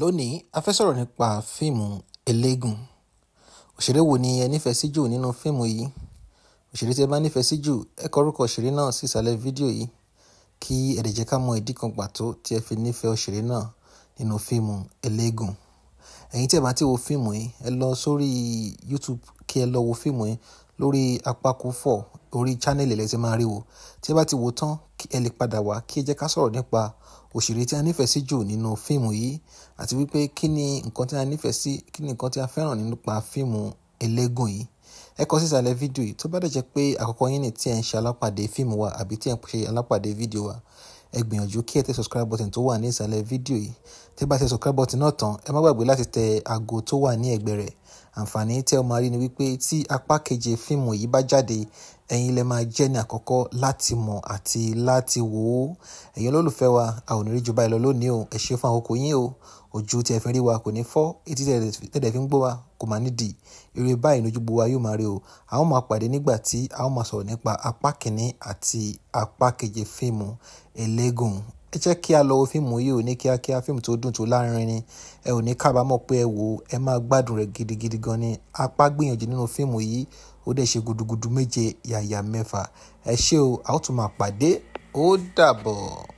Lónìí, a fẹ́ sọ̀rọ̀ nípa fíìmù Eléégún. Òṣèré wo ni ẹ nífẹ̀ẹ́ sí jù nínú fíìmù yìí? Òṣèré tí ẹ bá nífẹ̀ẹ́ sí jù, ẹ kọ orúkọ òṣèré náà sí ìsàlẹ̀ fídíò yìí kí ẹ lè jẹ́ ká mọ ìdí kan pàtó tí ẹ fi nífẹ̀ẹ́ òṣèré náà nínú fíìmù Eléégún. Ẹ̀yin tí ẹ bá ti wo fíìmù yìí, ẹ lọ sórí YouTube kí ẹ lọ wo fíìmù yìí lórí Apákúfọ̀ orí channel ẹ ti máa rí wo. Tí ẹ bá ti wo tán, ẹ lè padà wá kí ẹ jẹ́ ká sọ̀rọ̀ nípa òṣèré tí a nífẹ̀ẹ́ sí jù nínú fíìmù yìí àti wípé kí ni nǹkan tí a nífẹ̀ẹ́ sí kí ni nǹkan tí a fẹ́ràn nípa fíìmù eléégún yìí ẹ kọ sísàlẹ̀ fídíò yìí tó bá dẹ̀ jẹ́ pé àkọ́kọ́ yín ni tí ẹ ń ṣe alápàdé fíìmù wa àbí tí ẹ ń ṣe alápàdé fídíò wa ẹ gbìyànjú kí ẹ tẹ subscribe button tó wà ní ìsàlẹ̀ fídíò yìí tẹ́ bá tẹ subscribe button náà tán ẹ má gbàgbé láti tẹ aago tó wà ní ẹ̀gbẹ́ rẹ̀ Àǹfààní tẹ́ ọ rí ni wípé tí apá keje fíìmù yìí bá jáde, ẹ̀yin lẹ máa jẹ́ ní àkọ́kọ́ láti mọ̀ àti láti wò ó. Ẹ̀yin olólùfẹ́ wa, a ò ní rí ju báyìí lónìí o. Ẹ ṣé fún àkókò yín o. Ojú tí ẹ fi rí wa kò ní fọ́, etí tí ẹ fi ń gbọ́ wa kò máa ní dì. Eré báyìí lójú gbogbo wa yóò máa rí o. A ó máa pàdé nígbà tí a ó máa sọ̀rọ̀ nípa apá kìíní àti apá keje fíìmù Elégùn ẹ jẹ́ kí a lọ wo fíìmù yìí ò ní kíákíá fíìmù tó dùn tó lárinrin ni ẹ ò ní kábàámọ̀ pé ẹ wò ó ẹ máa gbádùn rẹ̀ gidigidi gan ni apá gbìyànjú nínú fíìmù yìí ó dẹ̀ ṣe gudugudu méje yàyà mẹ́fà ẹ ṣé o a ó tún máa pàdé ó dàbọ̀.